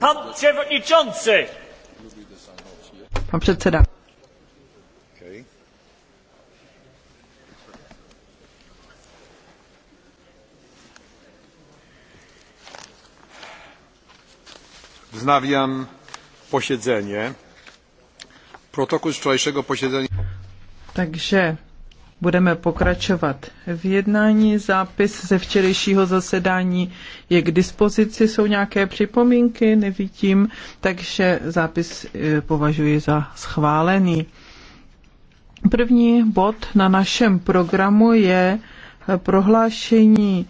Pan předsedající. Pan předseda. Wznawiam posiedzenie. Protokół z wczorajszego posiedzenia. Takže budeme pokračovat. V jednání zápis ze včerejšího zasedání je k dispozici. Jsou nějaké připomínky? Nevidím, takže zápis eh, považuji za schválený. První bod na našem programu je eh, prohlášení